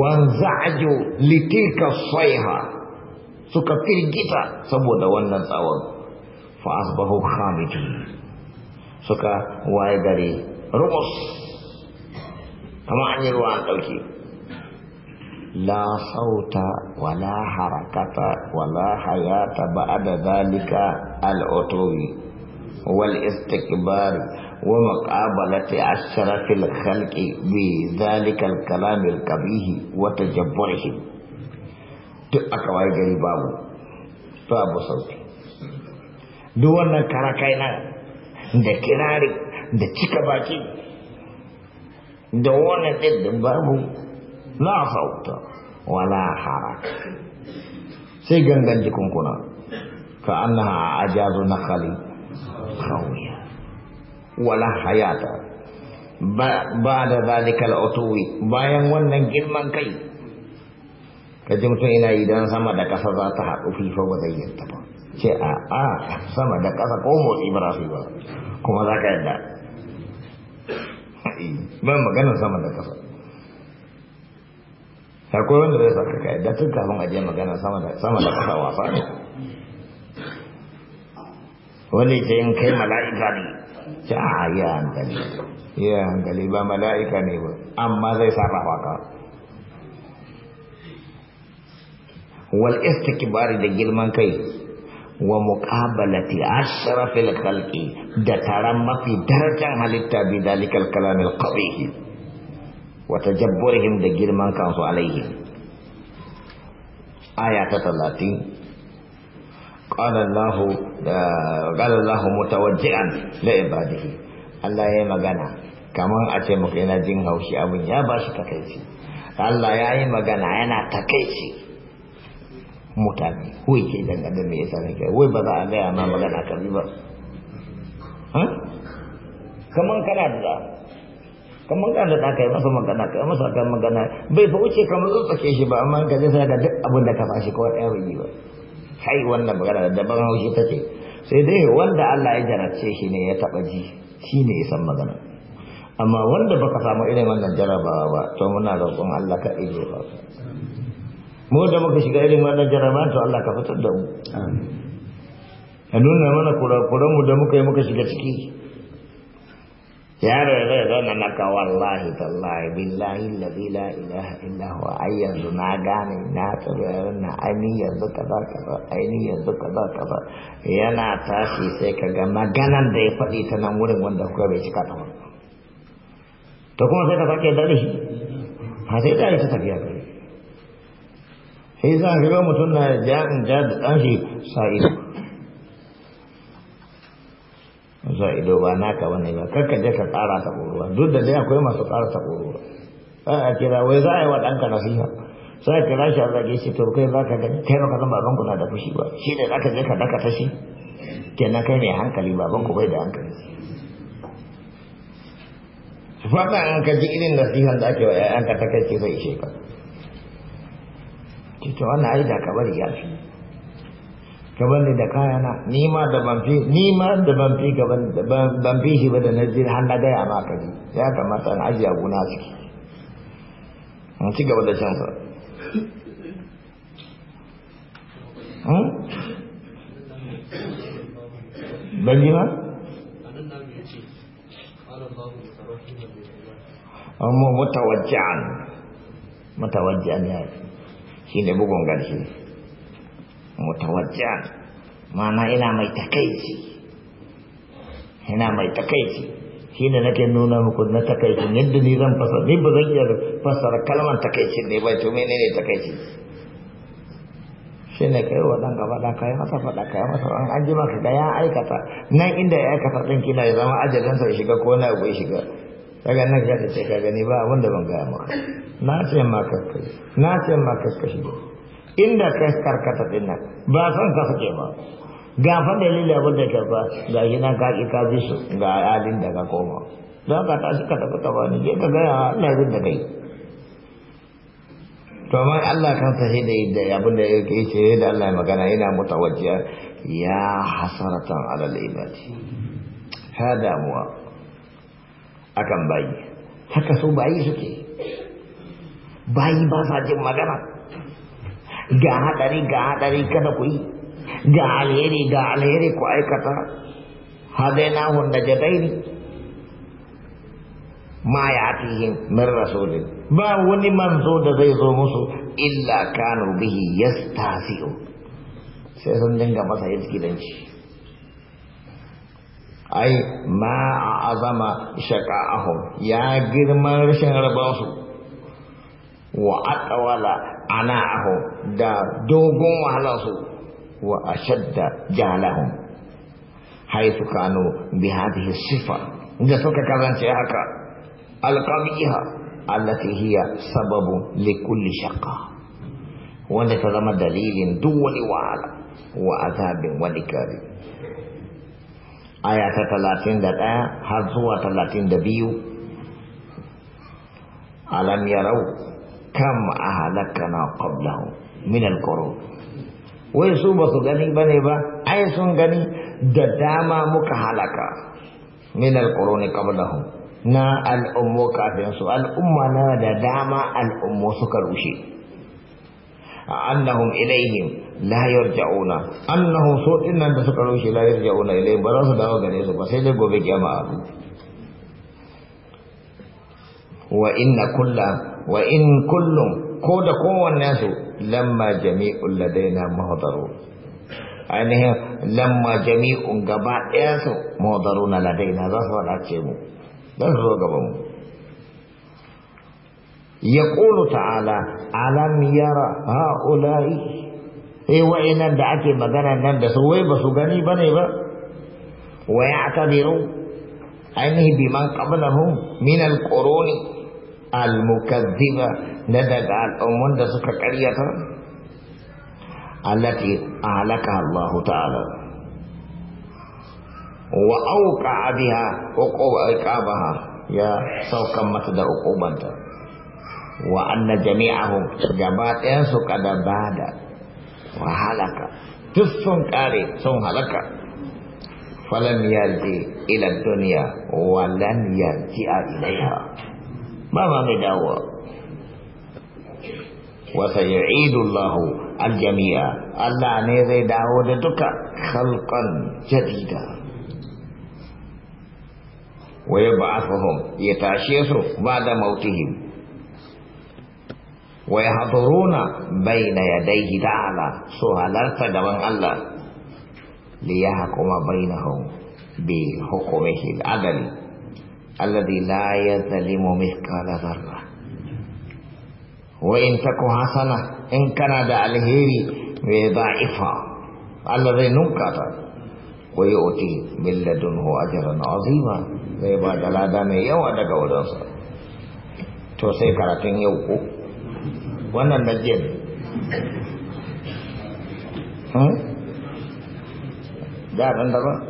wanza'aju litilka sayha suka firgita saboda wannan tsawon fa asbahu khamidin suka waye gari rubus kama an yi ruwa an ɗauke la sauta wala harakata wala hayata ba'da zalika al-utuwi wal istiqbal ومقابلة أشرف الخلق بذلك الكلام القبيح وتجبرهم تأكوى جريباب باب صوتي دون كراكينا da kirari da cika da wani ɗin babu la hauta wala haraka sai gangan jikunkuna ka annaha ajazu nakhali wala hayata ba da zalikal utuwi bayan wannan girman kai kaji mutum ina yi idan sama da ƙasa za ta haɗu fifa ba zai yanta ba ce a a sama da ƙasa ko motsi ba za su ba kuma za ka yadda ban maganar sama da ƙasa akwai wanda zai sa ka yadda tun kafin aje magana sama da ƙasa wasa ne wani ce in kai mala'ika ne ce a ya hankali hankali ba mala'ika ne ba amma zai sarrafa ka wal istikbari da girman kai wa muqabalati ashrafil khalqi da taran mafi darajar halitta bi dalikal kalamil qabih wa tajabburihim da girman kansu alaihi aya ta 30 قال الله قال الله متوجئا لعباده الله يا مغنى كما أتي مكينا جن هوشي أبن يا باش تكيسي الله يا مغنى أنا تكيسي mutane wai ke dangane me yasa nake wai ba za a gaya ma magana ka bi ba Kamar kana da kamar kana da kai masa magana kai masa kan magana bai fa wuce kamar zo tsake shi ba amma ka je sai ga duk abin da ka fashi kawai ɗaya bai ba kai wannan magana da daban haushi ce sai dai wanda Allah ya jarabce shi ne ya taba ji shi ne ya san magana amma wanda baka samu irin wannan jarabawa ba to muna roƙon Allah ka ije ba mu da muka shiga irin wannan jarabawa to Allah ka fitar da mu amin a nuna mana kurakuranmu da muka yi muka shiga ciki yaro ya zai zauna wallahi tallahi billahi lazi la ilaha illa huwa ai yanzu na gane na tsoro na ainihin yanzu kaza kaza ainihin yanzu kaza yana tashi sai ka ga maganan da ya faɗi ta nan wurin wanda kuka bai cika ta wani to kuma sai ka sake dare shi ha sai dare ta tafiya ka sai za ka ga mutum na ja in ja da ɗan shi zuwa ido ba naka ba ne ba kakka je ka ƙara ta ƙoruwa duk da dai akwai masu ƙara ta ƙoruwa a a kira wai za a yi wa ɗanka nasiha sai a kira shi a zage shi to kai za ka ga kai ba ka san baban ku na da fushi ba shi ne za ka je ka daka ta shi kenan kai mai hankali baban ku bai da hankali su faɗa an ka ji irin nasihan da ake wa ‘ya'yanka ta kai ce zai ishe ka. Cikin wannan ai da ya fi. gaban da kayana ni nima da banfi nima da banfi gaban da banfi shi ba da nazir har na gaya ma kaji ya kamata an ajiya guna su an ci gaba da shan sa hmm? ban ji ba mutawajjan mutawajjan ya shi ne bugun garshe mutawajjan mana ina mai takaici ina mai takaici shi ne nake nuna muku na takaici yadda ni zan fasara ni ba zan iya fasara kalmar takaicin ne ba to menene takaici shi ne kai wa ɗan gaba da kai masa faɗa kai masa an an ji maka ga ya aikata nan inda ya aikata ɗin kina ya zama ajalinsa ya shiga ko na ya shiga daga nan ka ce ka gani ba abin da ban gaya maka na ce maka kai na ce maka kashi inda ka karkata din nan ba san ka suke ba ga fa dalilin abin da ka ba ga shi nan ka ki ka bi su ga alin da ka koma don ka tashi ka tafi ka bani je ka ga Allah zai da kai to amma Allah kan sa da yadda abin da yake ce da Allah ya magana yana mutawajjiya ya hasaratan alal ibadi hada damuwa akan bayi haka so bayi suke bayi ba sa jin magana ga haɗari ga haɗari kada ku yi ga alheri ga alheri ku aikata hadainahun najadaini ma ya atihim min rasulin ba wani manzo da zai zo musu illa kanu bihi yastasi'u sai sun dinga masa izgilanci ai ma a azama shaka'ahum ya girman rashin rabansu wa aqwala ana aho da dogon wahalarsu wa ashadda jahalahum haitu kanu bi hadhihi sifa da suka kazance haka alqabiha allati hiya sababu li kulli wanda ta zama dalilin duk wani wahala wa azabin wani kare aya ta talatin da ɗaya har zuwa talatin da biyu alam yarau kam ahalakana qablahu min alqurun wai su ba su gani bane ba ai sun gani da dama muka halaka min alquruni qablahu na al'ummu kafin su al'umma na da dama al'ummu suka rushe annahum ilaihim la yarja'una annahum su dinnan da suka rushe la yarja'una ilai ba za su dawo gare su ba sai dai gobe kiyama abu wa inna kullam وإن كل كود كو الناس لما جميع لدينا مهضرون يعني لما جميع قبع الناس مهضرون لدينا ظهر الأتشمو ظهر قبعهم يقول تعالى ألم يرى هؤلاء إيوة إن دعك مدنا نندس ويبس غني بنيبا ويعتذرون أنه بمن قبلهم من القرون almukaddiba na daga al'umman da suka karyata allati alaka Allah ta'ala wa auqa biha uquba iqabaha ya saukan mata da uqubanta wa anna jami'ahum gaba ɗayan su kada bada wa halaka duk sun kare sun halaka falam yarji ila duniya, wa lam a ilaiha ba mai dawo. wasa ya idullahu aljami'a Allah ne zai dawo da duka halkan jadida waya ba ya tashe su ba da mautihim waya haɗuruna bai na yadaihi ala su halarta gaban Allah liya kuma bainahum bi hukumihi adali alladhi la yadhlimu mithqala dharra wa in taku hasana in kana da alheri mai da'ifa Allah zai nunka ta wa yu'ti min ladunhu ajran azima zai ba da lada mai yawa daga wadansa to sai karatun yau ko wannan da jin da dan da ba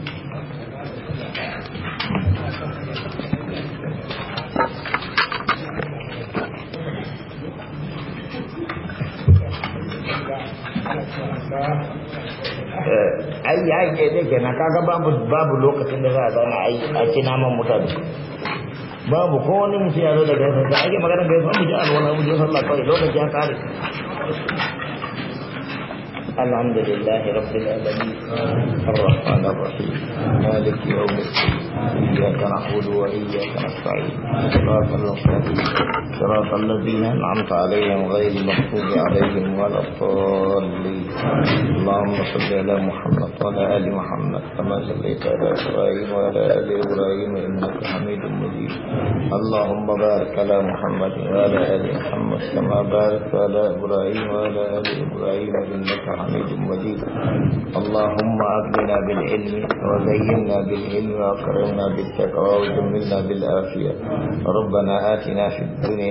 Eh, ai ya ke ne kenan kaga babu babu lokacin da za a zauna ai a ci naman mutane babu ko wani mutum ya zo daga yasa da ake magana ga yasa mu ji alwala mu ji sallah kawai lokaci ya kare الحمد لله رب العالمين الرحمن الرحيم مالك يوم الدين اياك نعبد واياك نستعين صراط المستقيم صراط الذين أنعمت عليهم غير المغضوب عليهم ولا الضالين اللهم صل على محمد وعلى آل محمد كما صليت على إبراهيم وعلى آل إبراهيم إنك حميد مجيد اللهم بارك على محمد وعلى آل محمد كما باركت على إبراهيم وعلى آل إبراهيم إنك حميد مجيد اللهم أغننا بالعلم وزينا بالعلم وأكرمنا بالتقوى وجملنا بالعافية ربنا آتنا في الدنيا